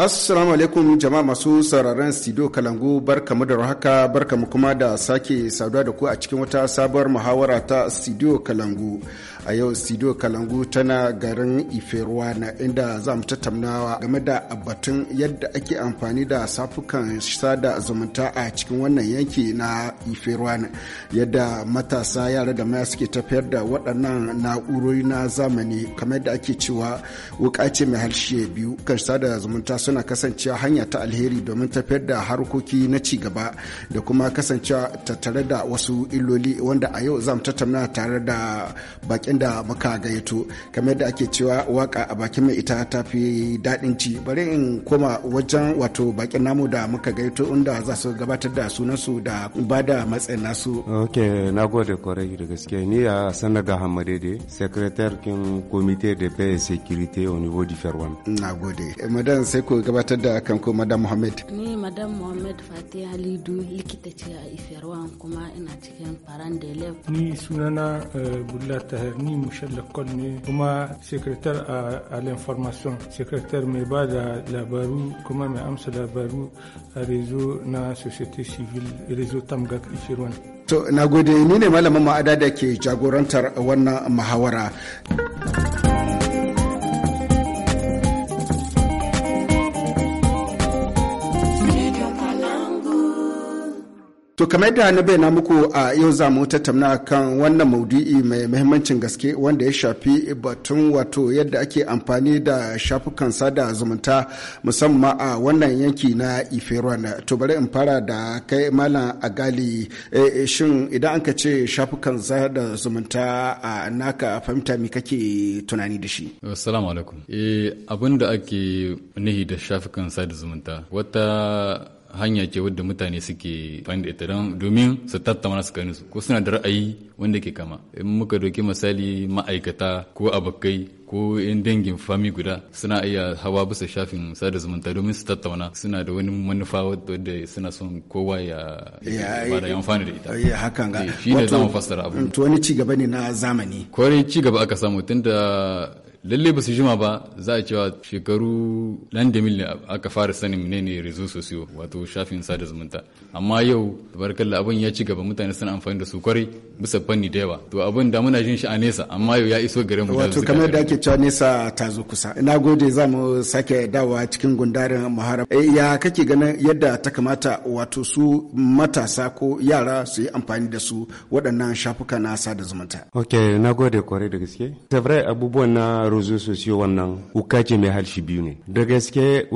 Assalamu alaikum jama'a masu sauraron studio Kalangu barkamu da haka barkamu kuma da sake saduwa da ku a cikin wata sabuwar muhawara ta studio Kalangu. a yau studio kalangu tana garin na, inda za mu tattaunawa game da batun yadda ake amfani da safukan sada zumunta a cikin wannan yanki na na. yadda matasa yara da maya suke tafiyar da waɗannan na'urori na zamani kamar yadda ake cewa wuka ce mai harshe biyu kan sada zumunta suna kasancewa hanya ta alheri domin tafiyar da harkoki na ci gaba da kuma kasancewa tattare da wasu illoli wanda a yau za mu tattauna tare da baƙin inda muka gayyato kamar da ake cewa waka a bakin mai ita ta fi daɗin ci bari in koma wajen wato bakin namu da muka gayyato inda za su gabatar da sunansu da ba da matsayin nasu. ok na gode kwarai da gaske ni a sanaga hamadede secretary kin komite de paix sekirite sécurité au niveau du fer ferwan. na gode eh, madam sai ku gabatar da kanko madam mohammed. ni madam mohammed fatih halidu likita ce a iferwan kuma ina cikin faran da ni sunana eh, bulla tahir ni Michel Lacol ne kuma sekretar a l'information sekretar mai ba da labaru kuma mai amsa labaru a rezo na société civile rezo tamgak ishirwan to na gode ni ne malamin ma'ada da ke jagorantar wannan muhawara. To kamar yadda na bayyana muku a yau za mu tattauna kan wannan maudu'i mai muhimmancin gaske wanda ya shafi batun wato yadda ake amfani da shafukan sada zumunta musamman a wannan yanki na Iferuwan. To bari in fara da kai malam agali eh, eh, shin idan an ka ce shafukan sada zumunta a naka fahimta me kake tunani da shi? Assalamu alaikum. Eh abin da ake nihi da shafukan sada zumunta wata hanya ce wadda mutane suke fani da ita don domin su tattauna su kanu su ko suna da ra'ayi wanda ke kama in muka doki misali ma'aikata ko abokai ko 'yan dangin fami guda suna iya hawa bisa shafin sada zumunta domin su tattauna suna da wani manufa wadda suna son kowa ya ya amfani da ita ya hakan ga eh, shi wani ci gaba ne na zamani kore ci gaba aka samu tunda lallai ba su jima ba za a cewa shekaru nan da mil aka fara sanin menene rezo sosiyo wato shafin sada zumunta amma yau barkalla abin ya ci gaba mutane suna amfani da su kwarai bisa fanni da yawa to abin da muna jin shi a nesa amma yau ya iso gare mu wato kamar da ake cewa nesa ta zo kusa ina gode za mu sake dawa cikin gundarin muharab eh, ya kake ganin yadda ta kamata wato su matasa ko yara su yi amfani da su waɗannan shafuka na sada zumunta ok na gode kwarai da gaske abubuwan na rezo sosiyo wannan uka ce mai halshi biyu ne da gaske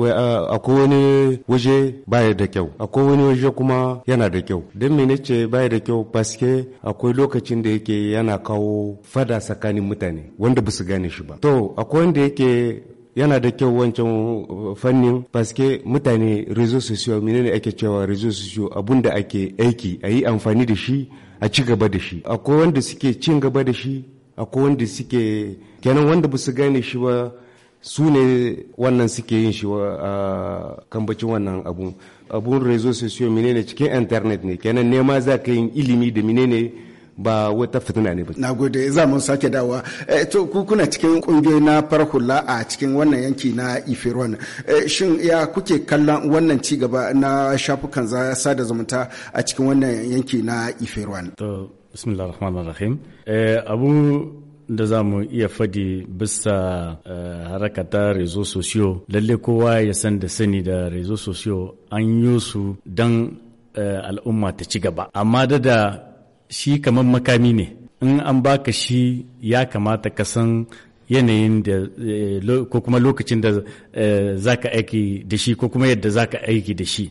akwai wani waje baya da kyau akwai wani waje kuma yana da kyau don mene ce baya da kyau paske akwai lokacin da yake yana kawo fada tsakanin mutane wanda ba su gane shi ba to akwai wanda yake yana da kyau wancan uh, fannin paske mutane rezo sosiyo menene ake cewa rezo sosiyo abunda ake aiki a yi amfani da shi a ci gaba da shi akwai wanda suke cin gaba da shi akwai wanda suke kenan wanda ba su gane shi ba su ne wannan suke yin shi a kambacin wannan abu abun rezo sosiyo minene cikin internet ne kenan nema za ka yin ilimi da minene ba wata fitina ne ba. Na gode za mu sake dawa. E, eh, to ku kuna cikin kungiyoyi na farhula a cikin wannan yanki na Ifiron. E, eh, shin ya kuke kallon wannan ci gaba na shafukan sada zumunta a cikin wannan yanki na Ifiron? To bismillahir rahmanir rahim. E, eh, abu da za mu iya fadi bisa eh, harakata rezo sosiyo lalle kowa ya san da sani da rezo sosiyo an yi su don eh, al'umma ta ci gaba amma da da shi kamar makami ne in an baka shi ya kamata ka san yanayin da eh, ko kuma lokacin da za ka aiki da shi ko kuma yadda za ka aiki da shi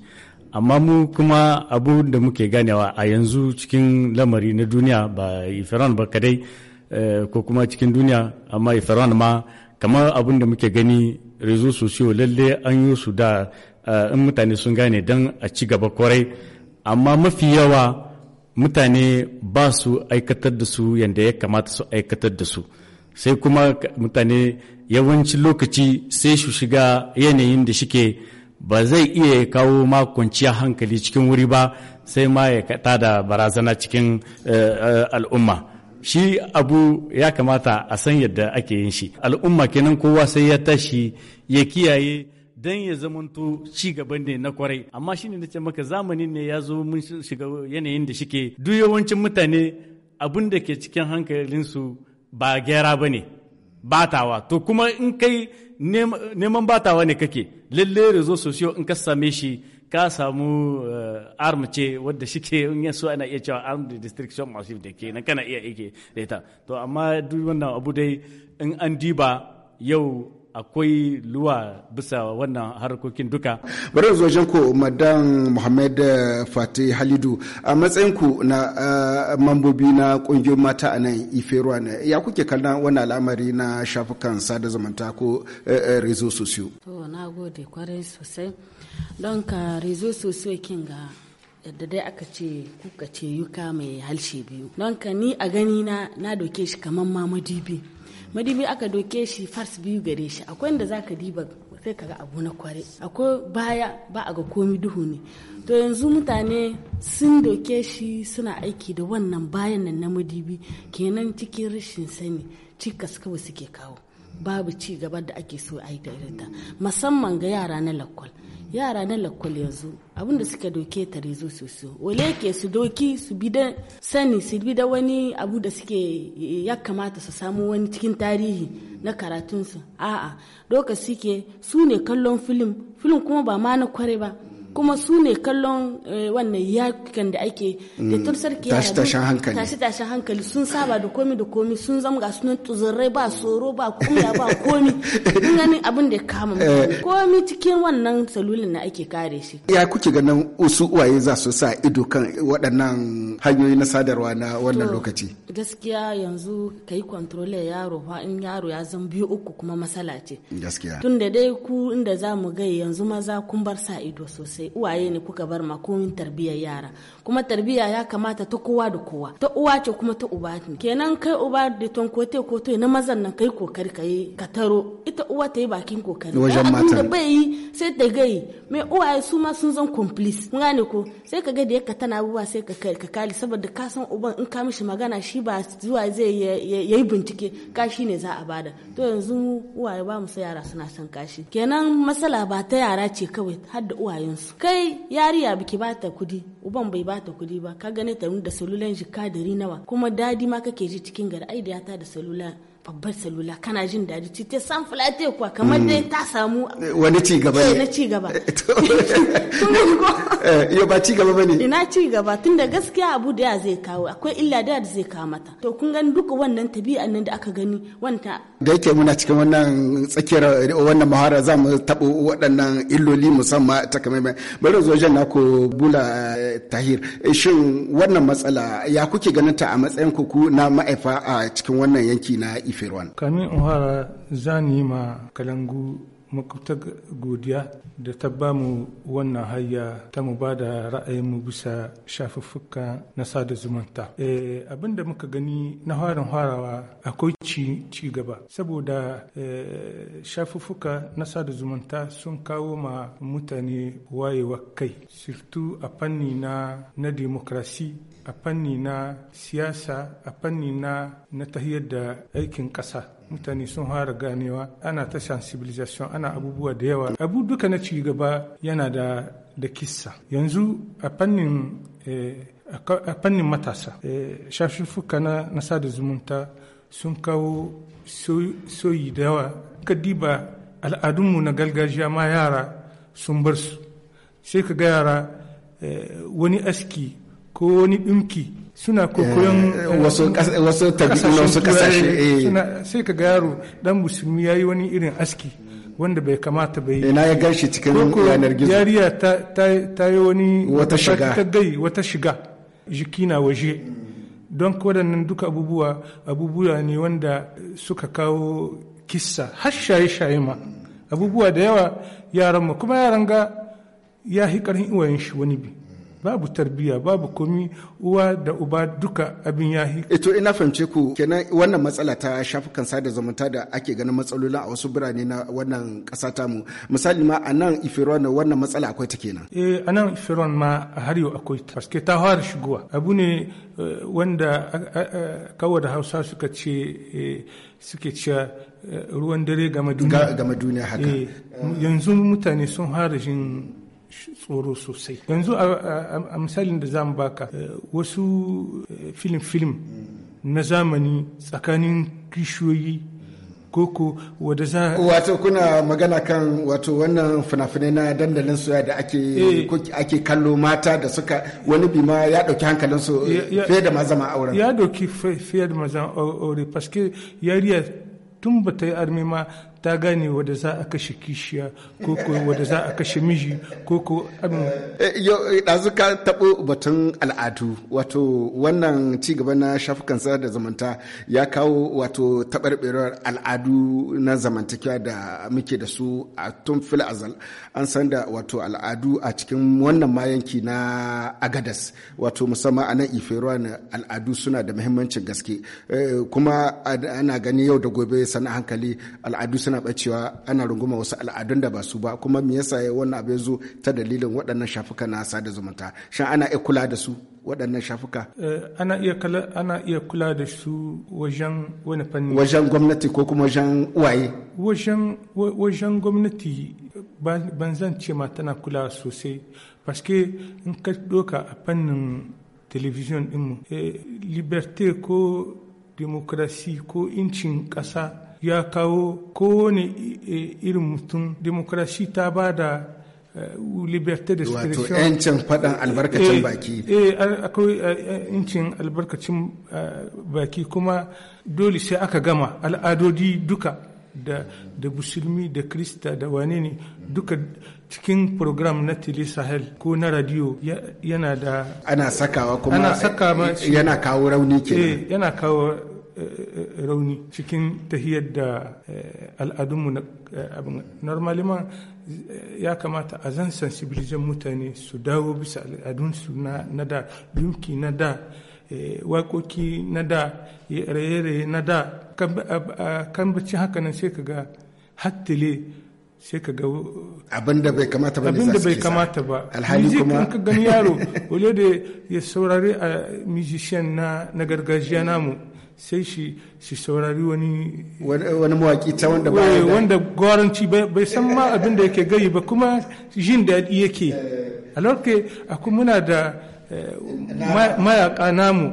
amma mu kuma abu da muke ganewa a yanzu cikin lamari na duniya ba ifiran ba kadai Eh, ko kuma cikin duniya amma iran ma kamar abin da muke gani rezo sosiyo lalle an yi su da eh, in mutane sun gane don a ci gaba kwarai amma mafi yawa mutane ba su aikatar da su yadda ya kamata su aikatar da su sai kuma mutane yawancin lokaci sai su shiga yanayin da shike ba zai iya kawo ma hankali cikin wuri ba sai ma ya da barazana cikin eh, al'umma shi abu ya kamata a san yadda ake yin shi al'umma kenan kowa sai ya tashi ya kiyaye don ya zamanto ci gaban ne na kwarai amma shine nace maka zamanin ne ya zo mun shiga yanayin da shike duk yawancin mutane abin da ke cikin hankalinsu ba gyara ba ne batawa to kuma in kai neman batawa ne kake lalle rezo sosiyo in ka same shi ka samu eh, arm ce wadda shike in ya so ana iya cewa arm da destruction massive da ke nan kana iya ike da ita to amma duk wannan abu dai in an diba yau akwai luwa bisa wannan harkokin duka. Bari zuwa ku Madan Muhammad eh, Fatih Halidu a matsayin ku na eh, mambobi na kungiyoyin mata a nan Iferuwa ne ya kuke kalla wannan al'amari na shafukan sada zumunta ko eh, rezo sosiyo. To na gode kwarai sosai don ka rezo sosiyo kin ga yadda dai aka ce kuka ce yuka mai halshe biyu don ka ni a gani na na doke shi kamar mamadi biyu. madibi aka doke shi fars biyu gare shi akwai inda zaka diba sai ga abu na kware akwai baya ba a ga komi duhu ne to yanzu mutane sun doke shi suna aiki da wannan bayan nan na madibi kenan cikin rashin sani cikas kawai suke kawo babu ci gaba da ake so a yi da irinta musamman ga yara na lakwal yara na lakwal yanzu abinda suka doke ta rezo sosai wale ke su doki su bi da sani su bi da wani abu da suke ya kamata su samu wani cikin tarihi na karatunsu a'a doka suke su ne kallon filim filim kuma ba ma na kware ba kuma su ne kallon eh, wannan yakin da ake mm. da tamsar tashi hankali tashi tashin hankali sun saba da komi da komi sun zama ga sunan tuzurrai ba tsoro ba kuma ba komi kun ganin abin da ya kama eh. komi cikin wannan salulin na ake kare shi ya kuke ganin usu uwaye za su sa ido kan waɗannan hanyoyi na sadarwa na wannan lokaci gaskiya yanzu ka yi kwantrole yaro fa in yaro ya zan biyu uku kuma masala ce gaskiya tun da dai ku inda za mu gai yanzu maza kun bar sa ido sosai sai uwaye ne kuka bar ma komin tarbiyyar yara kuma tarbiyya ya kamata ta kowa da kowa ta uwa ce kuma ta uba ne kenan kai uba da ton te ko na mazan nan kai kokari ka ka taro ita uwa ta yi bakin kokari wajen matan bai yi sai ta gai mai uwaye su ma sun zan complice mun gane ko sai ka ga da yakka tana abubuwa sai ka ka kali saboda ka san uban in ka mishi magana shi ba zuwa zai yayi bincike kashi ne za a bada to yanzu mu uwaye ba mu sa yara suna son kashi kenan matsala ba ta yara ce kawai har da uwayensu kai yariya biki ba ta kudi uban bai ba ta kudi ba ka gane ta da salulan jikka dari nawa kuma dadi ma kake ji cikin gari ai da ya ta da salulan babbar salula kana jin daji ci ta san fulate kuwa kamar dai ta samu wani ci gaba ne eh, na ci gaba yo eh, eh, ba ci gaba ne ina ci gaba tunda gaskiya abu da zai kawo akwai illa da zai kawo mata to kun gani duka wannan tabi'an nan da aka gani wanta da yake muna cikin wannan tsakiyar wannan muhara za mu taɓo waɗannan illoli musamman ta kamar bari zo jan naku bula tahir shin wannan matsala ya kuke ganin ta a matsayin ku na ma'aifa a cikin wannan yanki na firwan kamin in zani ma kalangu makwabta godiya da ta ba mu wannan hayya ta mu ba da ra'ayinmu bisa shafuffuka na sada zumunta. Eh, abin da muka gani na harin harawa akwai ci gaba saboda eh, shafuffuka na sada zumunta sun kawo ma mutane wayewa kai sirtu a fanni na na demokrasi a fanni na siyasa a fanni na na tahiyar da aikin ƙasa mutane sun fara ganewa ana ta sensibilisation ana abubuwa da yawa abu duka na cigaba yana da da kissa yanzu a fannin eh, a fannin matasa eh, shafuffuka na na sada zumunta sun kawo soyi da yawa ka diba al'adunmu na gargajiya ma yara sun bar su sai ka ga yara eh, wani aski ko wani dinki suna kokoyon eh, eh, wasu eh, kasashe sai ka ga yaro dan musulmi ya yi wani irin aski wanda bai kamata bai yi ina ya gashi cikin yanar gizo yariya ta yi wani wata shiga ta gai wata shiga jiki na waje don waɗannan duka abubuwa abubuwa ne wanda suka kawo kissa har shaye-shaye ma abubuwa da yawa yaran ma kuma yaran ga ya hi ƙarfin iwayen shi wani bi babu tarbiyya babu komi uwa da uba duka abin ya yi. ito eh ina fahimce ku kenan wannan matsala ta shafukan sada zumunta da ake ganin matsalolin a wasu birane na wannan kasa mu misali ma a nan ifiron wannan matsala akwai ta kenan e a nan ifiron ma har yau akwai ta paske ta fara shigowa abu ne eh, wanda kawo da hausa suka ce suke cewa ruwan dare game duniya yanzu mutane sun fara jin tsoro sosai yanzu a misalin da zamu baka eh, wasu film-film eh, na zamani tsakanin kishiyoyi koko wadda za wato kuna magana kan wato wannan fina-finai na dandalin soya da ake eh. ake kallo mata da suka wani bima ya dauki hankalin su fiye da mazama auren ya dauki fiye da mazama aure paske yariya tun ba ta yi armi ma ta gane wadda za a kashe kishiya ko ko wadda za a kashe miji ko ko um, eh, eh, ɗazu ka taɓo batun al'adu wato wannan ci gaba na shafukan sada da zamanta ya kawo wato taɓarɓarewar al'adu na zamantakewa da muke da su a tun fil azal an san da wato al'adu a cikin wannan ma yanki na agadas wato musamman a nan na al'adu suna da muhimmancin gaske eh, kuma ana gani yau da gobe sana hankali al'adu suna yana bacewa ana runguma wasu al'adun da ba su ba kuma me yasa ya wannan abu ya zo ta dalilin waɗannan shafuka na sada zumunta shan ana iya kula da su waɗannan shafuka eh, ana iya kula ana iya kula da su wajen wani fanni wajen gwamnati ko kuma wajen uwaye wajen wajen gwamnati ban zan ce ma tana kula sosai paske in ka doka a fannin television ɗinmu eh, liberté ko demokrasi ko incin ƙasa ya kawo kowane irin mutum demokrasi ta ba da eh, liberté de wato yancin faɗan albarkacin eh, baki eh akwai eh, yancin albarkacin baki kuma dole sai aka gama al'adodi duka da da musulmi da krista da wane ne duka cikin program na tele sahel ko na radio yana da ana sakawa kuma yana kawo rauni ke yana kawo rauni cikin tahiyar da eh, al'adunmu na eh, abin normalima eh, ya kamata a zan sensibilizan mutane su dawo bisa al'adunsu na da yunki na da waƙoƙi na da raye-raye na da kan bacci hakanan sai ka ga hattile sai ka ga abin da bai kamata ba abin da bai kamata ba alhali kuma ka gani yaro wale da ya saurari a musician na gargajiya namu sai shi shi saurari wani wani mawaki ta wanda ba eh, wanda gwaranci bai san ma abin da yake gayi ba kuma jin daɗi yake eh. a lokacin akwai muna da eh, mayaka namu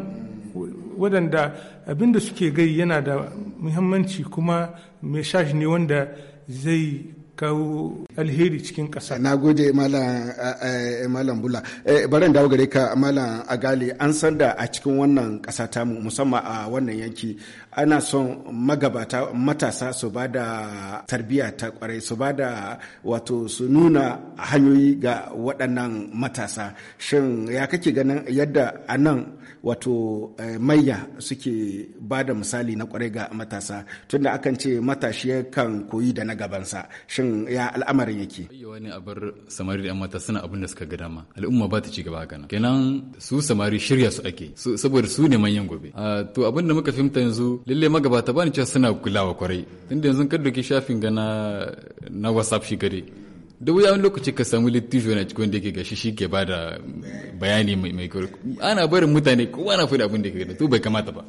waɗanda abin da suke gayi yana da muhimmanci kuma mai shashi ne wanda zai kawo alheri cikin ƙasa. Na gode Malam Bula. Eh, Barin dawo gare ka Malam Agali an san da a cikin wannan ƙasa mu musamman a wannan yanki ana son magabata matasa su ba da tarbiyya ta kwarai su ba da wato su nuna hanyoyi ga waɗannan matasa. Shin ya kake ganin yadda a nan wato eh, manya suke ba da misali na kwarai ga matasa tunda akan ce matashi kan koyi da na gabansa. shin ya al'amarin yake ayyawa ne a samari da yan mata suna abin da suka ga dama al'umma ba ta ci gaba haka kenan su samari shirya su ake saboda su ne manyan gobe to abin da muka fimta yanzu lalle magabata ba ni cewa suna kulawa kwarai tunda yanzu kan doki shafin ga na whatsapp shi gare da wuya wani lokaci ka samu littijo na cikin wanda yake gashi shi ke bada bayani mai mai kyau ana barin mutane kowa na faɗi abin da yake gada to bai kamata ba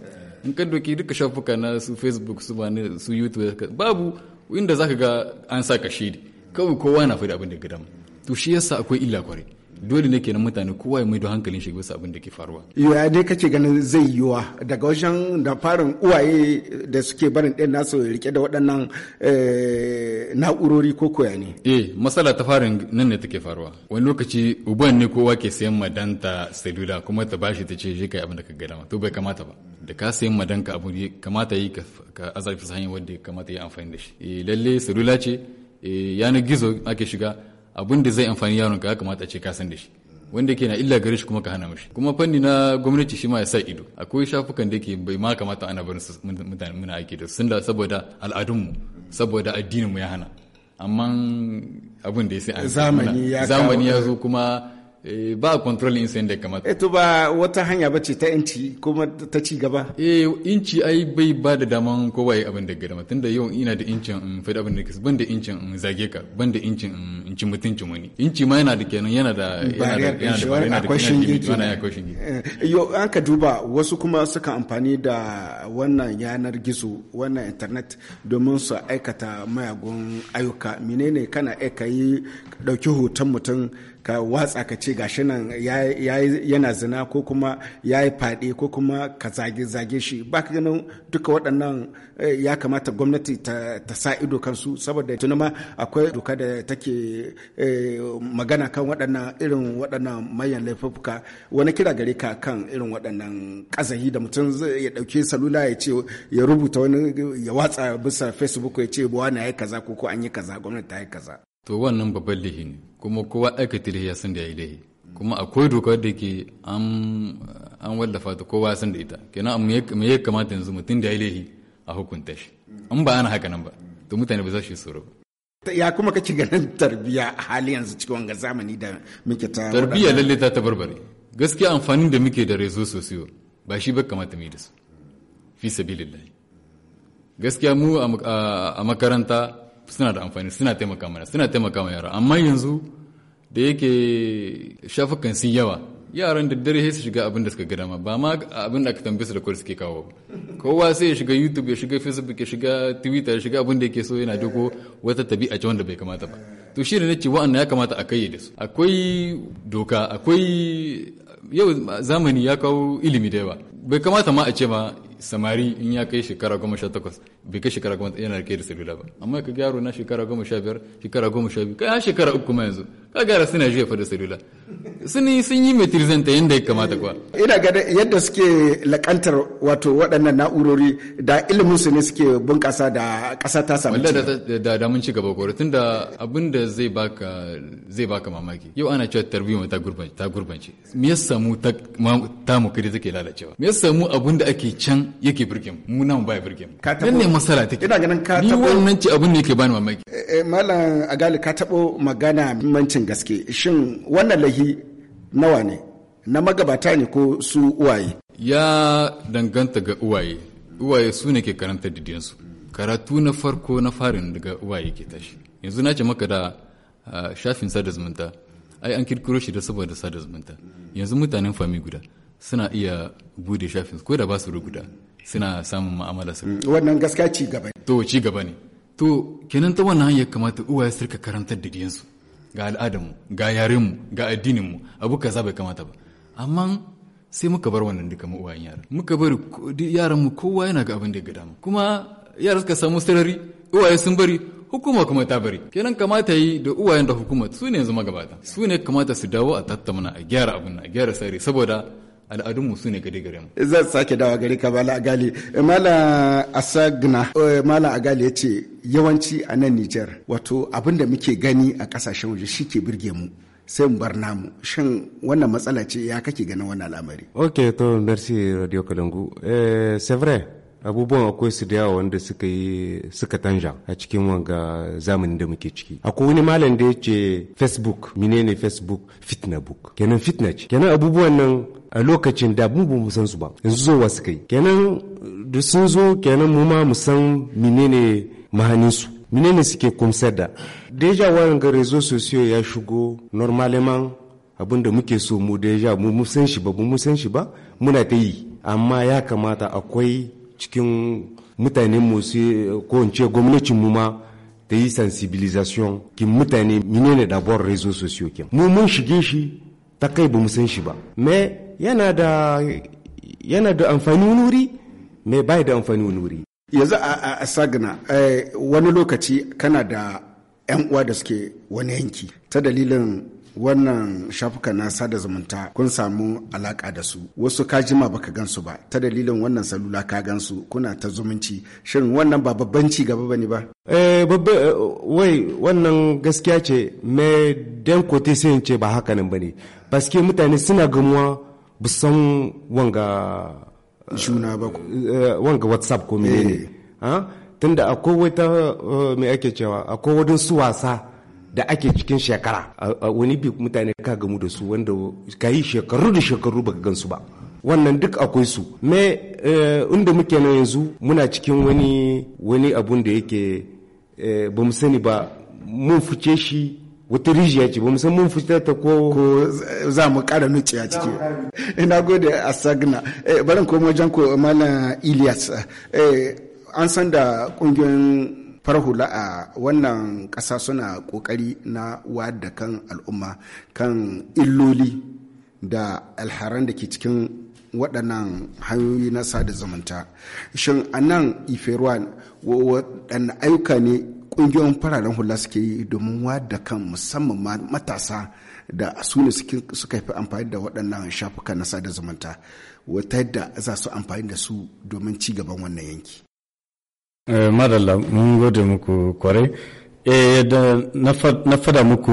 in ka doki duka shafuka na su facebook su ba su youtube babu inda zaka ga an sa kashedi kawai kowa na faɗi abin da gidan to shi yasa akwai illa kwarai dole ne kenan mutane kowa ya maido hankalin shi bisa abin da ke faruwa ya ne kace ganin zai yiwa daga wajen da farin uwaye da suke barin ɗan nasu rike da waɗannan eh, na'urori ko koya ne eh matsala ta farin nan ne take faruwa wani lokaci uban ne kowa ke sayan madanta sedula kuma ta bashi ta ce shi kai abin da ka gada to bai kamata ba da ka sayan madanka abu kamata yi ka azarfi hanyar wanda kamata yi amfani da shi eh, lalle sedula ce eh, yanar gizo ake shiga abin da zai amfani yaron ka ya kamata ce ka san da shi wanda ke na illa gare shi kuma ka hana mishi kuma fanni na gwamnati shi ma ya sa ido akwai shafukan da ke bai ma kamata ana barin mutane muna aiki da sun da saboda al'adunmu saboda addininmu ya hana amma abin da ya sai zamani ya zo kuma E, ba control in sai da kamata. Eto eh, ba wata hanya ba ce ta inci kuma ta ci gaba. Eh inci ai bai ba da daman kowa ya abin da gada tunda yau ina da incin in faɗi abin da ban da incin in zage ka ban da incin in ci mutuncin wani. Inci ma yana da kenan yana da yana da yana da kwashin gidi. Eh, yo an ka duba wasu kuma suka amfani da wannan yanar gizo wannan internet domin su aikata mayagun ayyuka menene kana aika yi dauki hoton mutum ka watsa ka ce gashi nan yana zina ko kuma ya yi fade ko kuma ka zage-zage shi ba ka ganin duka waɗannan eh, ya kamata gwamnati ta sa ido kansu saboda tuni ma akwai doka da take eh, magana kan waɗannan irin waɗannan manyan laifuka wani kira gare ka kan irin waɗannan ƙazahi da mutum ya ɗauki salula ya ce ya rubuta wani ya watsa bisa facebook ya ce wani ya yi kaza ko ko an yi kaza gwamnati ta yi kaza to wannan babban lihini kuma kowa aikata lahi ya san da ya yi lahi kuma akwai dokar da ke an wallafa ta kowa san da ita kenan mai ya kamata yanzu mutum da ya yi lahi a hukunta shi an ba ana haka nan ba to mutane ba za su tsoro ya kuma kake ganin tarbiyya a hali yanzu cikin wanga zamani da muke ta tarbiyya lalle ta tabarbare gaskiya amfanin da muke da rezo sosiyo ba shi ba kamata mu yi da su fi sabilillahi gaskiya mu a makaranta suna da amfani suna taimaka mana suna taimaka ma yara amma yanzu da yake shafukan sun yawa yaran da dare sai su shiga abin da suka ga dama ba ma abin da aka tambaye su da kwal suke kawo kowa sai ya shiga youtube ya shiga facebook ya shiga twitter ya shiga abin da yake so yana doko wata tabi'a ce wanda bai kamata ba to shi ne nace wa'annan ya kamata a kayyade su akwai doka akwai yau zamani ya kawo ilimi da yawa bai kamata ma a ce ma samari in ya kai shekara goma sha takwas bai kai shekara goma yana rike da salula ba amma ka gyaro na shekara goma sha biyar shekara goma sha biyu kai har shekara uku ma yanzu ka gyara suna juya fa da salula sun yi mai tirzanta yadda ya kamata kuwa. Ina gada yadda suke lakantar wato waɗannan na'urori da ilimin su ne suke bunƙasa da ƙasa ta samu ci. da da ci gaba gore tunda abin da zai baka zai baka mamaki. Yau ana cewa tarbiyyar ta gurbance ta gurbance. Me ya samu ta mu kiri take lalacewa? Me ya samu abin da ake can yake birkin mu nan baya birkin. Nan ne masala take. Ina ganin ka Ni wannan ci abin ne yake bani mamaki. Eh, eh, Malam Agali ka taɓo magana mancin gaske. Shin wannan lahi tallafi nawa ne na magabata ne ko su uwaye ya danganta ga uwaye uwaye su ne ke karanta didiyansu karatu na farko na farin daga uwaye ke tashi yanzu na ce maka da shafin sada zumunta ai an kirkiro shi da saboda sada zumunta yanzu mutanen fami guda suna iya bude shafin ko da ba su guda suna samun ma'amala su mm, wannan gaskiya ci gaba to ci gaba ne to kenan ta wannan hanyar kamata uwaye su rika karantar didiyansu ga al'adarmu ga yarenmu ga addininmu abu kaza bai kamata ba amma sai muka bar wannan duka mu uwayen yara muka bari yaranmu kowa yana ga abin da ya damu. kuma yara suka samu sarari uwaye sun bari hukuma kuma ta bari kenan kamata yi da uwayen da hukuma su ne yanzu magabata su ne kamata su dawo a tattauna a gyara abin a gyara sare saboda al'adun su ne gari gare mu. Zan sake dawa gari ka Mala Agali. Eh, Mala Asagna, eh, Mala Agali ya ce yawanci a nan Nijar wato abin da muke gani a kasashen waje shi ke birge mu. sai mu bar namu shin wannan matsala ce ya kake ganin wannan al'amari. Ok to merci Radio Kalangu. Eh, c'est vrai abubuwan akwai su da yawa wanda suka yi suka tanja a cikin wanga zamanin da muke ciki akwai wani malam da ya ce facebook menene facebook fitna book kenan fitna ce kenan abubuwan nan a lokacin da mu mu san su ba yanzu zo wasu kai kenan da sun zo kenan mu ma mu san menene mahaninsu menene suke kumsar da deja ga rezo sosiyo ya shigo normalement abin da muke so mu deja mu san shi ba mu san shi ba muna ta yi amma ya kamata akwai cikin mutanen musu ko in ce gwamnatin mu ma ta yi sensibilisation ki mutane mine ne dabuwar rezo sosiyo kin mu mun shige shi ta kai ba mu san shi ba me yana da yana da amfani wuri me bai da amfani wuri yanzu a sagna eh, wani lokaci kana da 'yan uwa da suke wani yanki ta dalilin wannan shafuka na sada zumunta kun samu alaka da su wasu ka jima baka gansu ba ta dalilin wannan salula ka gansu kuna ta zumunci shirin wannan ba babban ci gaba bane ba eh babba eh, wai wannan gaskiya ce me dan kote sai ce ba haka nan bane paske mutane suna gamuwa bu san wanga eh, juna ba eh, wanga whatsapp ko menene ah, tunda akwai wata me ake cewa akwai wadansu wasa da ake cikin shekara a wani bi mutane ka gamu da su wanda ka yi shekaru da shekaru baka gansu ba wannan duk akwai su me eh, inda muke na yanzu muna cikin wani wani abun da yake eh, ba mu sani ba mun fice shi wata rijiya ce ba mu san mun fice ta ko ko za mu kara nuci a ciki ina eh, gode a sagna barin komo janko malam Ilyas an san da kungiyoyin far hula a wannan ƙasa suna ƙoƙari na wada kan al'umma kan illoli da alharan da ke cikin waɗannan hanyoyi na sada zumunta shin a nan iferuwan waɗanne ayyuka ne ƙungiyoyin fararen hula suke yi domin wada kan musamman matasa da su ne suka fi amfani da waɗannan shafuka na sada zumunta wata yadda za su amfani da su domin ci gaban wannan yanki Eh, madalla mun gode muku kwarai eh da na fada muku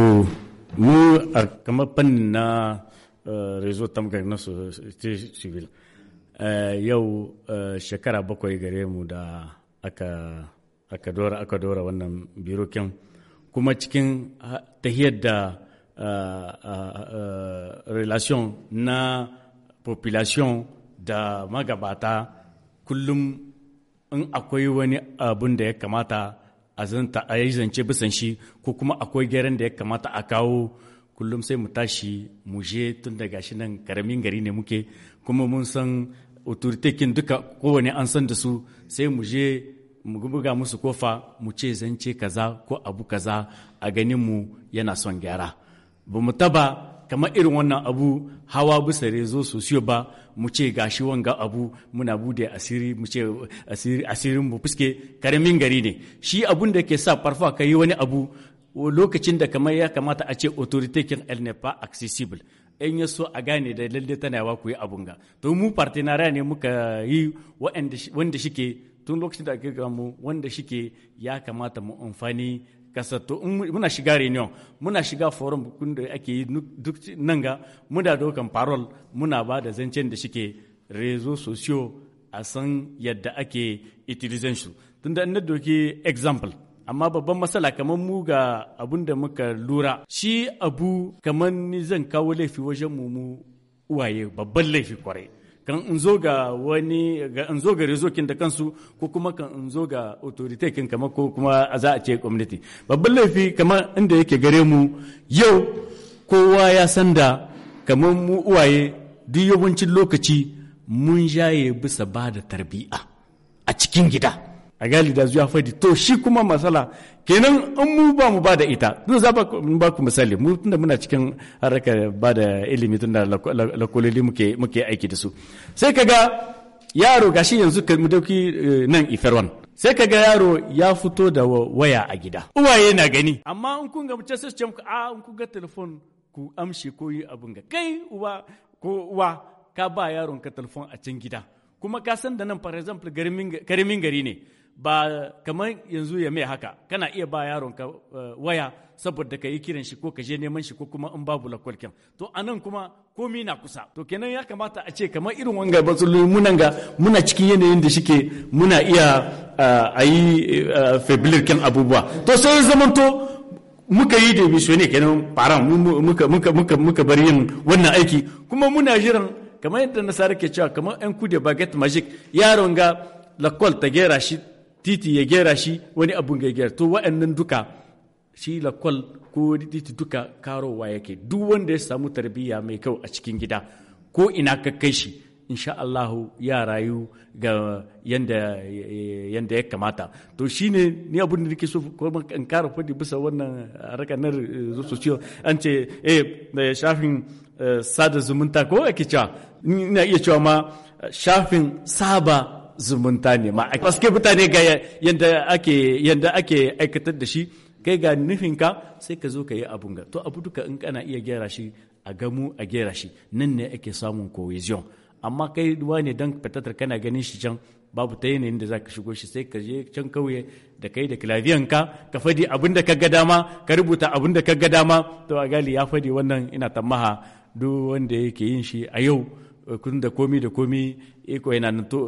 mu a kamar fannin na eh, rezo tamgar na eh, civil yau shekara bakwai gare mu da aka dora aka dora wannan birokin kuma cikin tahiyar da relation na population da magabata kullum in akwai wani abun da ya kamata a zanta a yi zance bisan shi ko kuma akwai gyaran da ya kamata a kawo kullum sai mu tashi mu je tun da gashi nan karamin gari ne muke kuma mun san otoritekin duka kowane an san da su sai mu je mu buga musu kofa mu ce zance kaza ko abu kaza a ganin mu yana son gyara ba mu taba kamar irin wannan abu hawa bisa rezo sosiyo ba mu ce gashi wanga abu muna bude asiri mu ce asirin mu fuske karamin gari ne shi abun da ke sa farfa ka yi wani abu lokacin da kamar ya kamata a ce autorité kin elle n'est pas accessible in ya so a gane da lalle tana yawa ku yi abun ga to mu partenariat ne muka yi wanda shike tun lokacin da ake mu wanda shike ya kamata mu amfani kasa muna shiga reunion muna shiga forum kunda ake yi duk nan ga muna dokan parol muna ba da zancen da shike rezo sosiyo a san yadda ake utilizan su tunda na doki example amma babban matsala kamar mu ga abun da muka lura shi abu kamar ni zan kawo laifi wajen mu mu uwaye babban laifi kwarai kan in zo ga wani ga in zo ga rezokin da kansu ko kuma kan in zo ga authoritykin kamar ko kuma a za a ce gwamnati babban laifi kamar inda yake gare mu yau kowa ya san da kamar mu uwaye duk yawancin lokaci mun jaye bisa ba da tarbiya a cikin gida a gali da zuwa fadi to shi kuma masala kenan in mu ba mu ba da ita zan za ba ku misali mu tunda muna cikin harkar ba da ilimi tunda lakololi muke muke aiki da su sai kaga yaro gashi yanzu ka mu dauki eh, nan iferwan sai kaga yaro ya fito da waya a gida uwaye na gani amma in kun ga mace sai su ce a in kun ga telefon ku amshe ko yi abin ga kai uba ko uwa ka ba yaron ka telefon a can gida kuma ka san da nan for example garimin gari ne ba kamar yanzu ya mai haka kana iya ba yaronka eh, waya saboda ka yi kiran shi ko ka je neman shi ko kuma in babu lakwalkin to anan kuma komi na kusa to kenan ya kamata a ce kamar irin wanga batsaloli munan ga muna cikin yanayin da shike muna iya eh, a yi eh, fabilirkin abubuwa to sai ya zamanto muka yi da ne kenan faran muka bari yin wannan aiki kuma muna jiran kamar yadda nasara ke cewa kamar yan kude baget magic yaron ga lakwal ta gera shi titi ya gera shi wani abun ya gera to wa'annan duka shi kwal ko titi duka karowa yake duk wanda ya samu tarbiyya mai kyau a cikin gida ko ina ka kai shi insha Allah ya rayu ga yanda yanda ya kamata to shine ni abun da nake so kuma kan kara fadi bisa wannan rakanar zuciyo an ce eh da shafin eh, sada zumunta ko ake cewa ina iya cewa ma shafin saba zumunta ne ma mutane ga yanda ake yanda ake aikatar da shi kai ga nufinka sai ka zo ka yi abun ga to abu duka in kana iya gyara shi a gamu a gyara shi nan ne ake samun cohesion amma kai duwa ne don fatatar kana ganin shi can babu ta yanayin da za ka shigo shi sai ka je can kauye da kai da ka ka fadi abin da ka ga dama ka rubuta abin da ka ga dama to a gali ya fadi wannan ina tamaha duk wanda yake yin shi a yau Eh, kun da komi da komi iko eh, yana nan to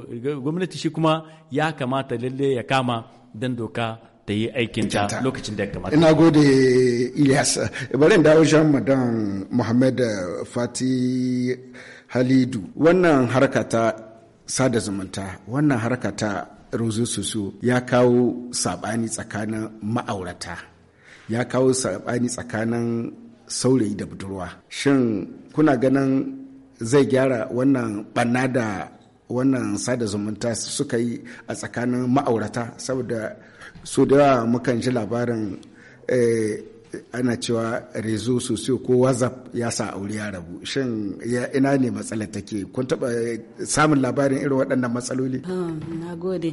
gwamnati shi kuma ya kamata lalle ya kama dan doka ta yi aikin ta lokacin da ya kamata ina gode Ilyas bari in dawo shan madan Muhammad eh, Fati Halidu wannan harka ta sada zumunta wannan harka ta rozo soso ya kawo sabani tsakanin ma'aurata ya kawo sabani tsakanin saurayi da budurwa shin kuna ganin zai gyara wannan banna da wannan sada zumunta suka yi a tsakanin ma'aurata saboda su da mukan ji labarin eh, ana cewa rezo sosai ko whatsapp ya sa aure ya rabu shin ina ne matsala take kun taba samun labarin irin waɗannan matsaloli ah, na gode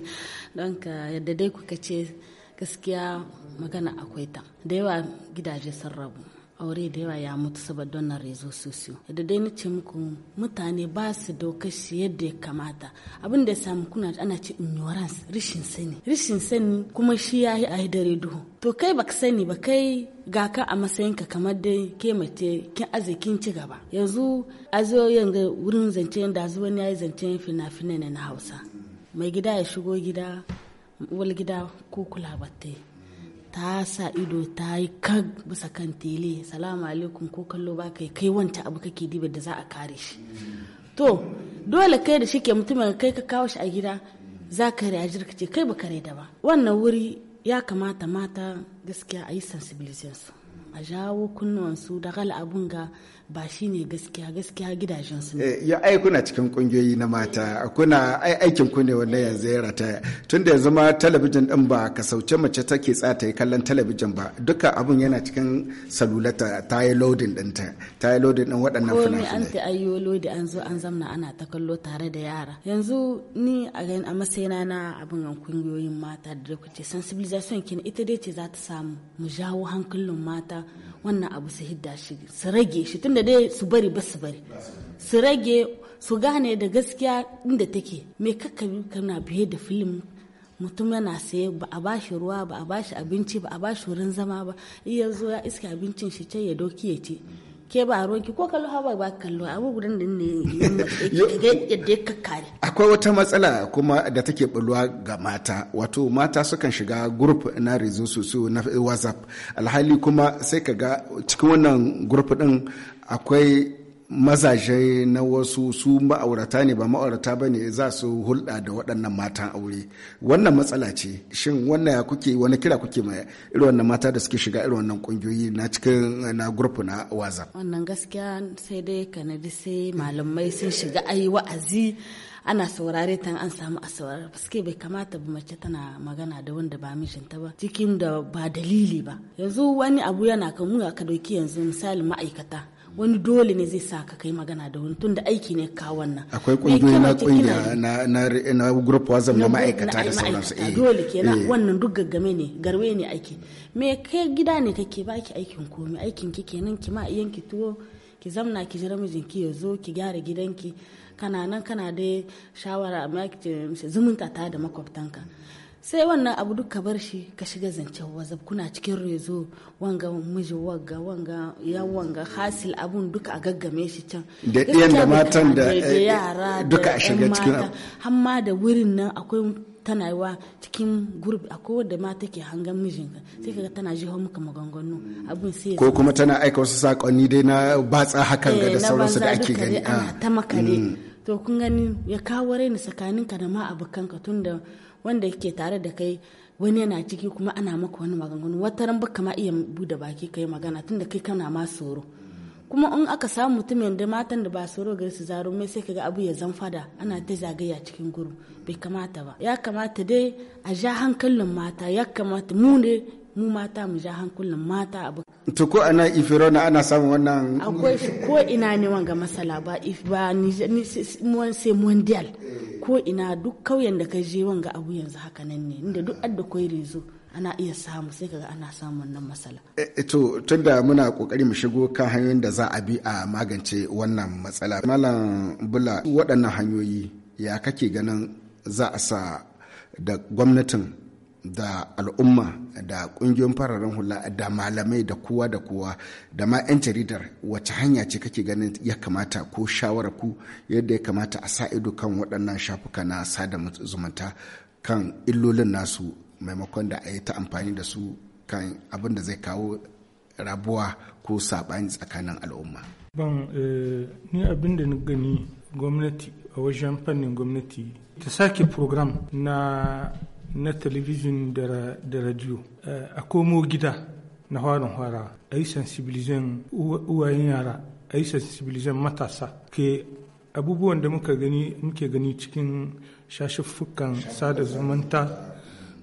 don ka yadda dai kuka ce gaskiya magana akwai ta da yawa gidaje sun rabu aure da yawa ya mutu saboda wannan rezo sosiyo da dai na ce muku mutane ba su doka shi yadda ya kamata abin da ya samu kuna ana ce ignorance rishin sani rishin sani kuma shi ya yi a dare duhu to kai baka sani ba kai ga ka a matsayinka kamar dai ke mace kin ci gaba yanzu a zo yanzu wurin zance da zuwa wani ya yi fina-finai na hausa mai gida ya shigo gida wal gida ko kula batte ta sa ido ta yi kag bisa kan tele salamu alaikum ko kallo ba kai kai wancan abu kake diba da za a kare shi to dole kai da shi ke mutumin kai ka kawo shi a gida za ka reajir ka ce kai ba kare da ba wannan wuri ya kamata mata gaskiya a yi sensibilizansu a jawo kunnuwansu da gala abun ga ba shi ne gaskiya gaskiya gidajen su eh, Ya ai kuna cikin kungiyoyi na mata kuna ai aikin ku ne wannan yanzu ya rata tun da zama talabijin din ba ka sauce mace take tsata yi kallon talabijin ba duka abun yana cikin salulata ta yi loading din ta ta yi loading din waɗannan fina fina. Komai an ta ayyo lodi an zo an zamna ana ta kallo tare da yara yanzu ni a a matsayina na abin kungiyoyin mata da kuke sensibilization kin ita dai ce za ta samu mu jawo hankalin mata wannan abu su hidda shi su rage shi tunda dai su bari ba su bari su rage su gane da gaskiya inda take me kakkabi kana biye da filim mutum yana saye ba a bashi ruwa ba a bashi abinci ba a bashi wurin zama ba iya zo ya iska abincin shi ce ya doki ya ce ke ba roki ko kallo hawa ba kallo abu gudan din ne yadda ya kakkare akwai wata matsala kuma da take bulwa ga mata wato mata sukan shiga group na rezo su na whatsapp alhali kuma sai ka ga cikin wannan group din akwai mazaje na wasu su ma'aurata ne ba ma'aurata ba ne za su hulɗa da waɗannan matan aure wannan matsala ce shin wannan ya kuke wani kira kuke ma irin wannan mata da suke shiga irin wannan kungiyoyi na cikin na gurfu na waza wannan gaskiya sai dai kanadi sai malamai sun shiga ayi wa'azi ana saurare ta an samu a saurare paske bai kamata ba mace tana magana da wanda ba mijinta ba cikin da ba dalili ba yanzu wani abu yana kan ka dauki yanzu misali ma'aikata wani dole ne zai sa ka kai magana da wani tunda aiki ne ka wannan akwai kungiyoyi na kungiya na na na group wazam na ma'aikata da sauransu eh dole kenan eh. wannan duk gaggame ne garwe ne aiki me kai gida ne kake ba ki aikin komai aikin ki kenan ki ma iyan ki tuwo ki zamna ki jira ki ya zo ki gyara gidanki kana nan kana da shawara zumunta ta da makwabtanka sai wannan abu duk ka bar shi ka shiga zancen wazab kuna cikin rezo wanga miji wanga wanga ya wanga hasil abun duka a gaggame shi can da ɗiyan da matan eh, da yara duka a shiga cikin hamma da wurin nan akwai tana wa cikin gurbi akwai wadda ma take hangen mijinka sai kaga tana jiho muka maganganu abun sai ko kuma tana aika wasu sakonni dai na batsa hakan ga eh, da sauransu da ake gani ana ah. ta makare mm. to kun gani ya kawo raini tsakaninka da ma abokanka tunda wanda ke tare da kai wani yana ciki kuma ana maka wani maganganu wata ran baka ma iya bude baki kai magana tunda kai kana ma soro kuma in aka samu mutumin da matan da ba tsoro gari su zaro mai sai kaga abu ya zan fada ana ta zagaya cikin guru bai kamata ba ya kamata dai a ja hankalin mata ya kamata mu ne mu mata mu ja hankulan mata abu to ko ana ifirona ana samun wannan akwai shi ko ina ne wanga masala ba if ba ni sai mondial ko ina duk kauyen da ka je wanga abu yanzu haka nan ne inda duk adda koi rezo ana iya samu sai kaga ana samu wannan masala. Eh, eh, to tunda muna kokari mu shigo kan hanyoyin da za a bi a magance wannan matsala. Malam Bula waɗannan hanyoyi ya kake ganin za a sa da gwamnatin da al'umma da kungiyoyin fararen hula da malamai da kowa da kowa da ma 'yan jaridar wace hanya ce kake ganin ya kamata ko shawarar ku yadda ya kamata a sa ido kan waɗannan shafuka na sada zumunta kan illolin nasu maimakon da a yi ta amfani da su kan abin da zai kawo rabuwa ko saɓani tsakanin al'umma. ban eh, ni abin da gani gwamnati a wajen fannin gwamnati ta sake program na na talabijin da radio eh, a komo gida na harin hwara a yi sensibilizan uwayen yara a yi sensibilizan matasa ke abubuwan da muka gani muke gani cikin shashuffukan sada zumunta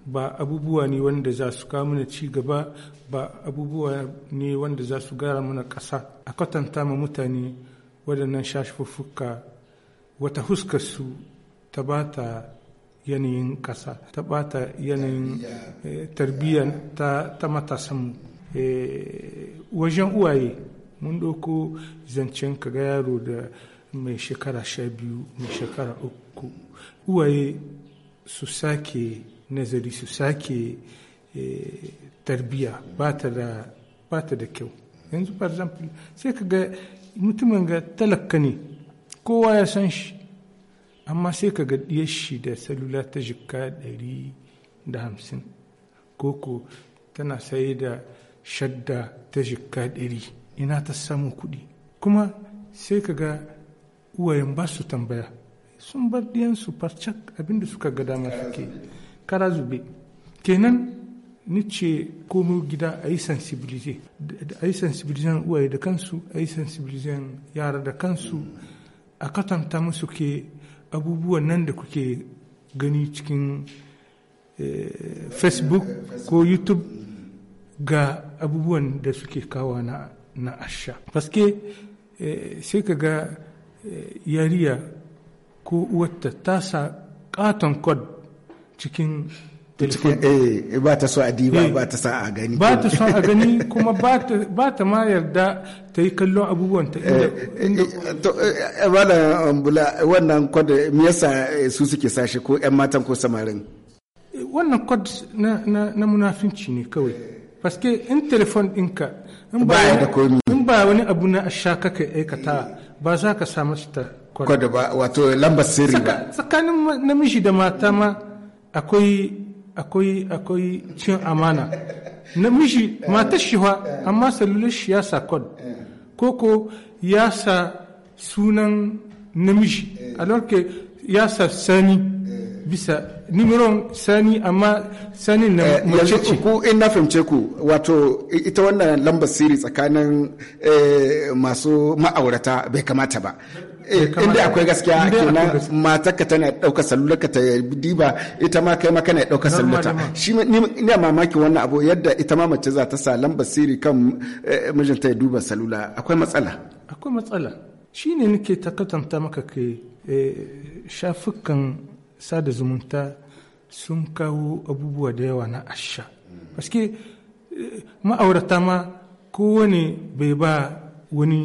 ba abubuwa ne wanda za su kawo mana ci gaba ba abubuwa ne wanda za su gara mana ƙasa a kwatanta ma mutane waɗannan shashuffuka wata huskarsu ta ba ta yanayin kasa ta bata yanayin eh, tarbiyya ta matasanmu eh, wajen uwaye mun ɗauko zancen kaga yaro da mai shekara sha biyu mai shekara uku uwaye su sake nazari su sake eh, tarbiyya ba ta da kyau yanzu for example sai ka ga mutumin ga talakka ne kowa ya san shi amma sai ka ga shi da salula ta jikka ɗari da hamsin koko tana sai da shadda ta jikka ɗari ina ta samu kuɗi kuma sai ka ga uwayen ba su tambaya sun bar ɗiyansu farcak abinda suka ga dama suke kara zube kenan ni ce komo gida a yi sensibilize a yi sensibilizan uwaye da kansu a yi sensibilizan yara da kansu a katanta musu ke abubuwan nan da kuke gani cikin eh, facebook ko youtube ga abubuwan da suke kawa na, na asha paske eh, sai ka ga eh, yariya ko uwarta ta sa katon kod cikin Eh, eh, ba ta so a diba eh, ba ta sa a gani ba ta so a gani kuma ba ta ma yarda ta yi kallon abubuwan ta inda ba da bula wannan kod me yasa su suke sashi ko yan matan ko samarin wannan kod na munafinci ne kawai parce que in telefon ɗinka in ba wani abu na asha ka aikata ba za ka samu ta kod ba wato lambar sirri ba tsakanin namiji da mata ma akwai akwai akwai cin amana na mishi mata shi amma salular shi ya sa kod koko ya sa sunan namiji alorke ya sa sani bisa nimeron sani amma sani na eh, mace ce ku in na fahimce ku wato ita wannan lambar siri tsakanin eh, masu ma'aurata bai kamata ba Eh, inda akwai gaskiya kenan ka tana ɗauka ka ta diba ita ma kai ma kana ɗauka ta shi ina mamaki wannan abu yadda ita ma mace za ta sa lambar sirri kan eh, mijinta ya duba salula akwai matsala akwai matsala shi ne nake ta katanta maka ke eh, shafukan sada zumunta sun kawo abubuwa da yawa na asha paske ma'aurata ma kowane bai ba wani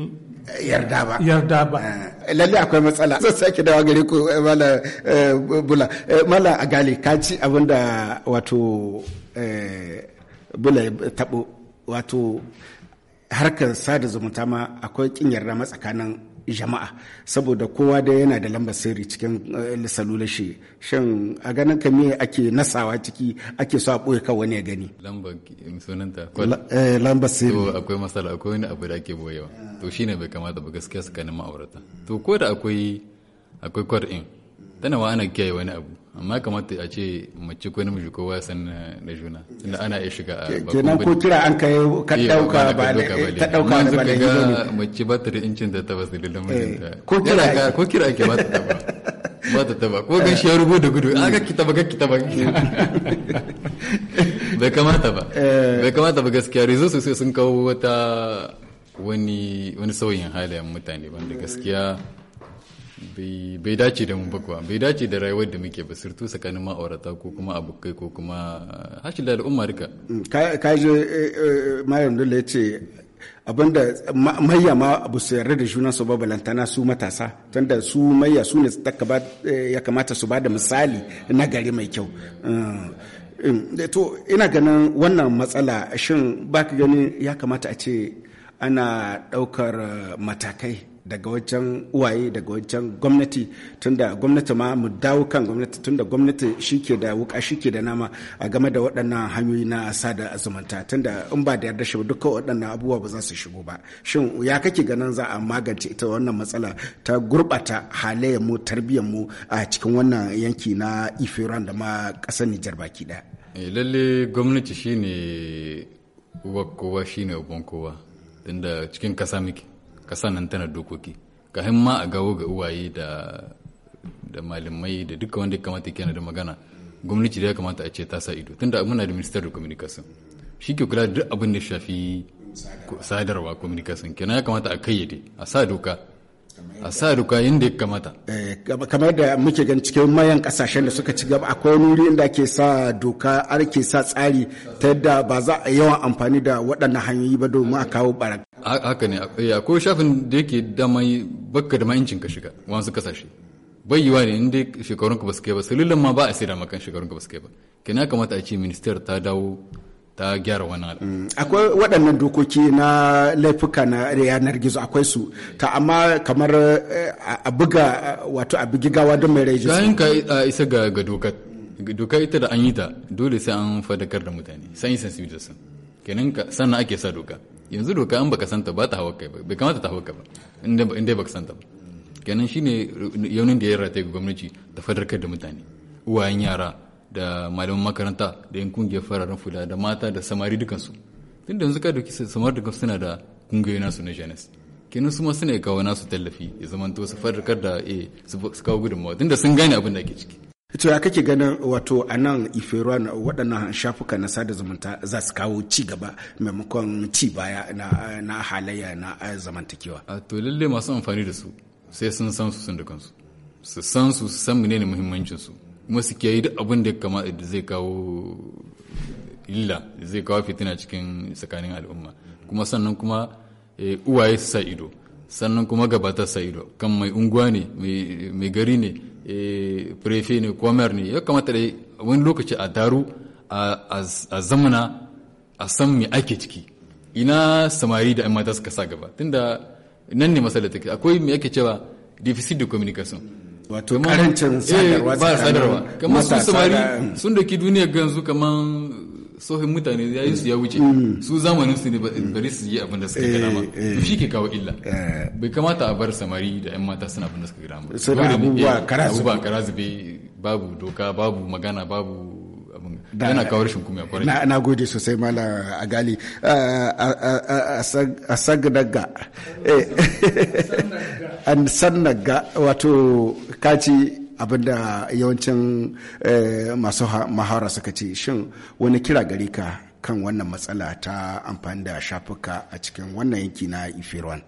yarda ba yarda ba eh, lalle akwai matsala zan sake dawa gare ku eh, mala eh, bula mala agali ka ci abinda wato bula taɓo wato harkar sada zumunta ma akwai kin yarda ma tsakanin jama'a saboda kowa da yana da lambar sirri cikin eh, salula shi shin a ganin ka me ake nasawa ciki ake so a ɓoye ka wani ya gani lambar eh, sunanta eh, lambar sirri akwai masala akwai wani abu da ake boyewa to shine bai kamata ba gaskiya tsakanin ma'aurata to ko da akwai akwai kwar'in tana wa ana kiyaye wani abu amma kamata a ce mace ko namiji kowa san na juna tunda ana iya shiga a kenan ko kira an kai ka dauka ba ta dauka ne ba ne mace ba ta da incin da ta basu da eh, mijinta ko kira ko kira ke ba ta taba ba ta taba ko gan shi ya rubo da gudu a ah, ga kitaba ga taba. bai kamata ba eh. bai kamata ba gaskiya rezo sosai sun kawo wata wani wani sauyin halayen mutane wanda gaskiya bai dace da mu ba kuwa bai dace da rayuwar da muke ba surtu tsakanin ma'aurata ko kuma abokai ko kuma ah, hashi da al'umma duka mm, ka je mayan dole ya ce abinda mayya ma abu su yarda da junan su ba balantana su matasa tunda su mayya su ne eh, ya kamata su ba da misali na gari mai kyau mm, mm, eh, to ina ganin wannan matsala shin baka gani ya kamata a ce ana ɗaukar ah, matakai daga wajen uwaye daga wajen gwamnati tunda gwamnati ma mu dawo kan gwamnati tunda gwamnati shi ke da wuka shi ke da nama a game da waɗannan hanyoyi na sada zumunta tunda in ba da yarda shi duka waɗannan abubuwa ba za su shigo ba shin ya kake ganin za a magance ita wannan matsala ta gurɓata halayen mu tarbiyyar mu a cikin wannan yanki na ifiran da ma ƙasar Nijar baki ɗaya. Eh, lalle gwamnati shine uwa kowa shine uban kowa tunda cikin ƙasa muke ƙasa nan tana dokoki ka ma a gawo ga uwaye da da malamai da duka wanda ya kamata yana da magana gwamnati da ya kamata a ce ta sa ido tunda muna da minister da communication shi ke kula da duk abin da shafi sadarwa communication kenan ya kamata a kayyade a sa doka a sa ruka yadda ya kamata eh, kamar da muke gan cikin mayan kasashen da suka ci gaba akwai wuri inda ake sa doka ke sa tsari ta yadda ba za a yawan amfani da waɗannan hanyoyi ba domin a kawo baraka haka ne eh, akwai shafin da yake mai bakka da ma'incin ka shiga wasu kasashe bai yiwa ne inda shekarun ka ba su kai ba salilan ma ba a sai da makan shekarun ka ba su kai ba kina kamata a ce ministar ta dawo ta gyara wani al'amari. Mm, akwai waɗannan dokoki na laifuka na yanar gizo akwai su ta amma kamar eh, a buga wato a bugi gawa don mai rejista. bayan ka isa ga dokar doka ita da an yi ta dole sai an fadakar da mutane sai san su sun kenan sannan ake sa doka yanzu doka an baka santa ba ta hawa kai ba bai kamata ta hawa kai ba inda baka santa ba kenan shine yaunin da ya rataye gwamnati ta fadakar da mutane uwayen yara da malaman makaranta da yan kungiyar fararen fula da mata da samari dukansu tun da yanzu ka dauki samari dukansu suna da kungiyoyi nasu na janes kenan su ma suna kawo nasu tallafi ya to su kar da eh, su kawo gudunmawa tun da sun gane abin da ake ciki to ya kake ganin wato a nan iferuwan waɗannan shafuka na sada zumunta za su kawo ci gaba maimakon ci baya na, halayya na zamantakewa a to lalle masu amfani da su sai sun san su sun da su san su su san menene muhimmancin su kuma su kiyaye duk abin da zai kawo illa zai kawo fitina cikin tsakanin al'umma kuma sannan kuma eh, uwaye su sa ido sannan kuma gabata sa ido kan mai unguwa ne mai gari ne eh, prefe ne kwamar ne ya kamata da wani lokaci a daru a zamana a san me ake ciki ina samari da 'yan mata suka sa gaba tunda nan ne masalata take akwai me ake cewa deficit da communication wato karancin eh, sadarwa ba sadarwa kamar su samari sun daki duniya ganzu kamar sohin mutane ya yi su ya wuce mm. su zamanin su ne bari su yi abin da suka gada ma eh, eh. to shi ke kawo illa bai kamata a bar samari da yan mata suna abin da suka gada ma suna abubuwa karazu karazube babu doka babu magana babu da yana kawar shi kuma kwarai na, na gode sosai mala a gali a sagnaga an sannaga wato kaci abin da yawancin eh, masu mahara suka ce shin wani kira gari ka kan wannan matsala ta amfani da shafuka a cikin wannan yanki na ifirwan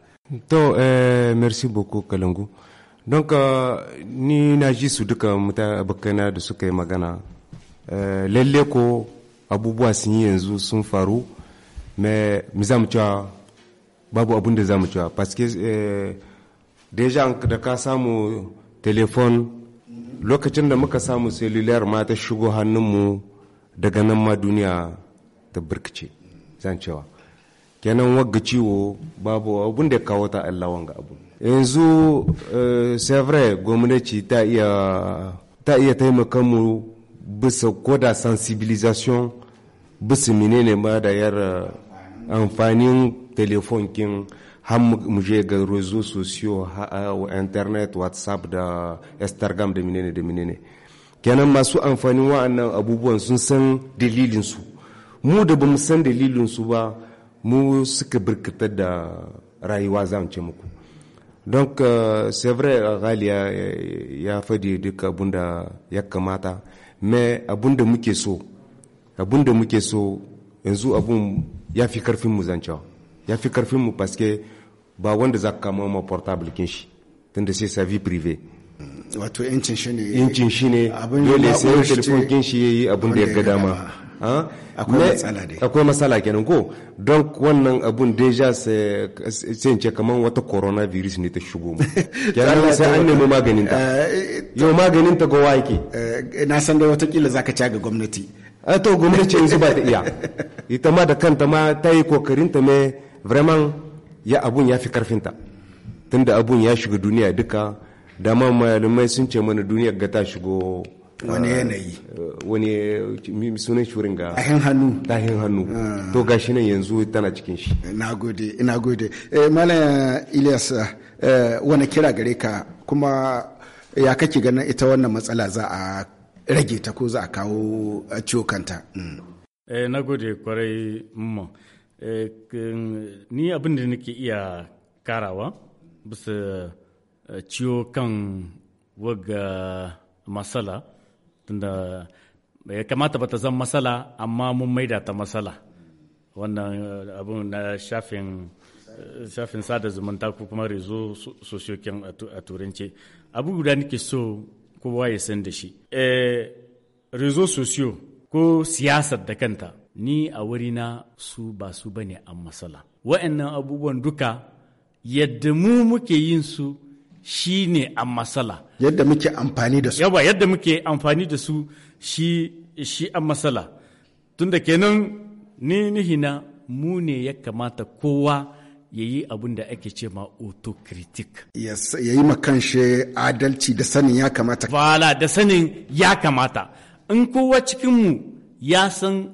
to eh, merci beaucoup kalungu don ka ni na ji su duka abokaina da suka yi magana eh, lalle ko abubuwa sun yi yanzu sun faru mai mu cewa babu abin da za mu cewa paske eh, deja da ka samu telefon lokacin da muka samu cellular ma ta shigo hannunmu daga nan ma duniya ta birkice zan cewa kenan wagga ciwo babu abun da kawo ta Allah wanga abu yanzu eh, sevre gwamnati ta iya ta taimaka mu bisa koda sensibilisation bisa menene ma da yar eh, amfanin telefonkin har mu je ga rezo sosiyo wa internet whatsapp da instagram da menene da menene kenan masu amfanin wa'annan abubuwan sun san dalilinsu mu da bamu san san dalilinsu ba mu suka birkitar da rayuwa za mu ce muku don ka vrai ghaliya ya fadi duk abun da ya kamata me abun muke so abun da muke so yanzu abun ya fi karfin mu zancewa ya fi karfin mu paske ba wanda za ka kama ma portable kin shi tunda sai sa vie privée wato yancin shi ne yancin shi ne dole sai yin telefon kin shi yayi abin da ya ga dama ah? akwai matsala dai akwai matsala kenan ko don wannan abun deja sai ce kamar wata coronavirus ne ta shigo mu kenan sai an nemi maganin ta eh, yau maganin ta gowa yake eh, na san dai watakila zaka ci ga gwamnati a ah, to gwamnati yanzu ba ta iya ita ma da kanta ma ta yi kokarin ta mai vraiman ya abun ya fi karfinta tunda abun ya shiga duniya duka dama malamai sun ce mana duniyar ga ta shigo wani ah, yanayi eh, wani sunan shurin ga ahin hannu tahin hannu ah. to gashi nan yanzu tana cikin shi na gode ina gode eh, malam ilyas eh, wani kira gare ka kuma ya kake ganin ita wannan matsala za a rage ta ko za a kawo ciwokanta kanta hmm. na gode kwarai mamman ni abin da nake iya karawa bisa eh, ciwo kan waga masala tunda ya kamata ba ta zan masala amma mun maida ta masala wannan eh, abin na shafin eh, shafin sada zumunta ko kuma rezo sosyokin a turance abu guda nake so kowa ya san da shi rezo sosiyo ko siyasar da kanta ni a wurina su ba su ne an matsala wa'annan abubuwan duka yadda mu muke yin su shi ne an matsala yadda muke amfani da su yaba yadda muke amfani da su shi shi an matsala tunda kenan ni nihina mu ne ya kamata kowa ya yi abin da ake ce ma autocritic. Ya yi makanshe adalci da sanin ya kamata. Bala da sanin ya kamata. In kowa cikinmu ya san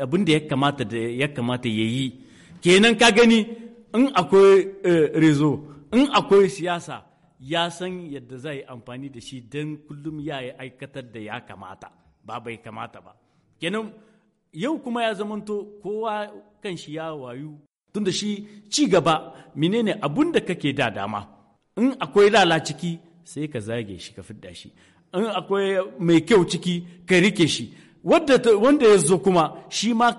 abin da ya kamata da ya kamata ya yi kenan ka gani in akwai eh, rezo in akwai siyasa ya san yadda zai amfani da shi don kullum ya yi aikatar da ya kamata ba bai kamata ba kenan yau kuma ya zamanto kowa kan shi ya wayu tunda shi ci gaba menene abun da kake da dama in akwai lala ciki sai ka zage shi ka fidda shi in akwai mai kyau ciki ka rike shi wanda ya zo kuma shi ma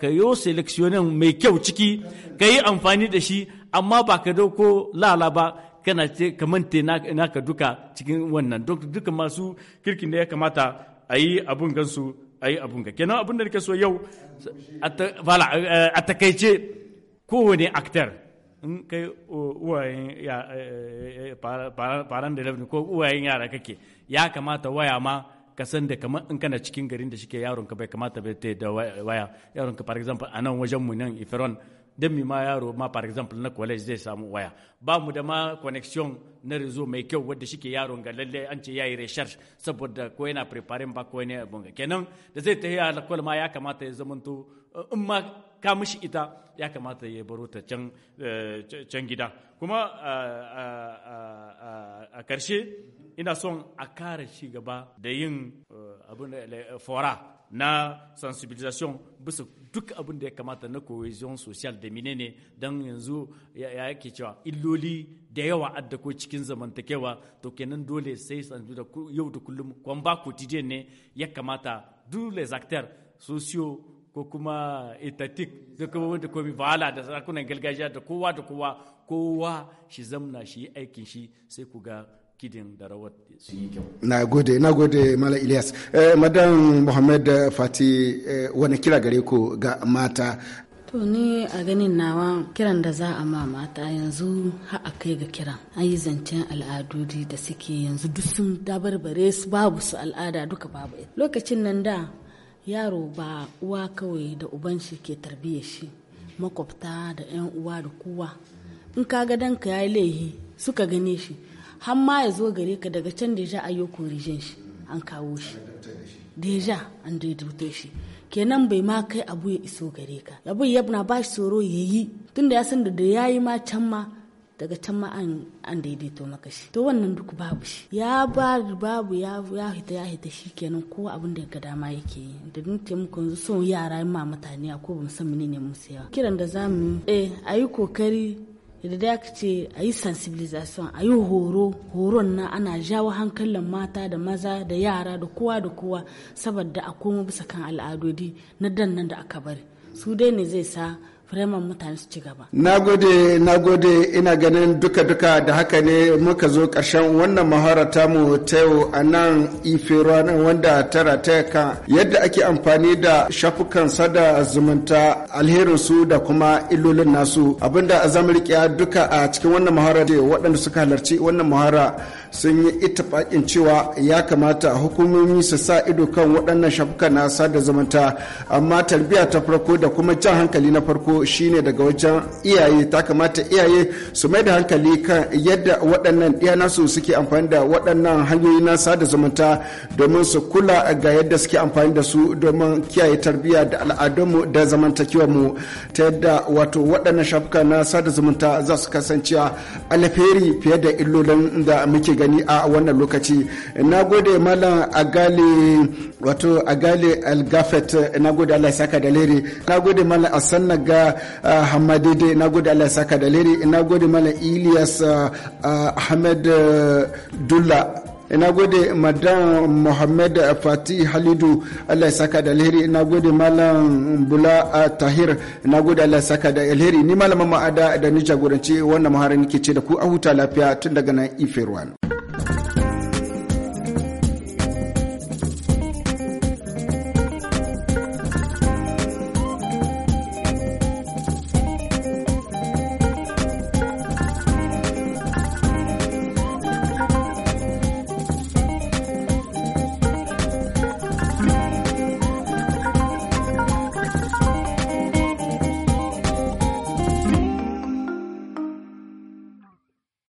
ka yo seleksiyonin mai kyau ciki ka yi amfani da shi amma ba ka dauko lala ba kana ce kamar te naka duka cikin wannan duka masu kirkin da ya kamata a yi abun gansu a yi abun ga kenan abun da nake so yau a eh, takaice kowane aktar in kai uwayen faran eh, eh, da ko uwayen yara kake ya kamata waya ma Kasan san da kamar in kana cikin garin da shike yaron ka bai kamata bai ta da waya yaron ka for example anan wajen mu nan Ifiron don mi ma yaro ma for example na college zai samu waya ba mu da ma connection na rezo mai kyau wadda shike yaron ga lalle an ce yayi research saboda ko yana preparing ba ko ne bunga kenan da zai ta yi ma ya kamata ya zamanto eh, in ma ka mishi ita ya kamata ya baro ta can eh, can gida kuma a karshe ina son a kara shi gaba da yin eh, abin fora na sensibilisation bisa duk abin da ya kamata na cohesion social da menene don yanzu ya yake cewa illoli da yawa adda ko cikin zamantakewa to kenan dole sai da yau da kullum kwamba quotidien ne ya kamata dole les acteurs sociaux ko kuma etatik da kuma wanda komi bala da sarakunan gargajiya da kowa da kowa kowa shi zamna shi aikin shi sai ku ga kidin da rawar su yi kyau. Na gode, na gode Mala Ilyas. Eh, Madam Mohamed Fati eh, wani kira gare ku ga mata To ni a ganin nawa kiran da za a ma mata yanzu a kai ga kiran an yi zancen al'adodi da suke yanzu duk sun dabarbare su babu su al'ada duka babu lokacin nan da yaro ba uwa kawai da uban shi ke tarbiyyar shi makwabta da 'yan uwa da kowa in ka ga danka ya yi laihi suka gane shi har ma ya zo gare ka daga can deja ayo korijen shi an kawo shi deja an daidaito shi kenan bai ma kai abu ya iso gare ka abu ya na ba shi tsoro ya yi tunda ya san da ya yi ma can ma daga can ma an daidaito maka shi to wannan duk babu shi ya ba babu ya hita ya hita shi kenan ko abin da ga dama yake yi da dun taimako yanzu son yara ma mutane a ko bamu san menene mu sayawa kiran da zamu eh ayi kokari da da ce a yi sensibilization a yi horo horon na ana jawo hankalin mata da maza da yara da kowa da kowa saboda a koma bisa kan al'adodi na dannan da aka bari su dai ne zai sa fireman mutane su ci gaba. Na gode, na gode ina ganin duka-duka da haka ne muka zo karshen wannan mahara mu ta yau a nan ife ranar wanda tara ta kan yadda ake amfani da shafukan sada zumunta alherin su da kuma illolin nasu abinda zamu riƙe duka a cikin wannan mahara da waɗanda suka halarci wannan mahara sun yi itifakin cewa ya kamata hukumomi su sa ido kan waɗannan shafuka na sada zumunta amma tarbiyya ta farko da kuma jan hankali na farko shine daga wajen iyaye ta kamata iyaye su mai da hankali kan yadda waɗannan ɗiya nasu suke amfani da waɗannan hanyoyi na sada zumunta domin su kula ga yadda suke amfani da su domin kiyaye tarbiyya da al'adunmu da zamantakewarmu ta yadda wato waɗannan shafuka na sada zumunta za su kasance alheri fiye da illolin da muke gani a wannan lokaci na gode malam agali wato agali algafet na gode allah saka da leri na gode malam asanna ga ah, hamadede na gode allah saka da leri na gode malam ilias ah, ah, ahmed dulla ina gode madam muhammad fati halidu allah ya saka da alheri ina gode malam bula tahir ina gode allah ya saka da alheri ni malamin ma'ada da ni jagoranci wannan muharin ke ce da ku a huta lafiya tun daga nan ife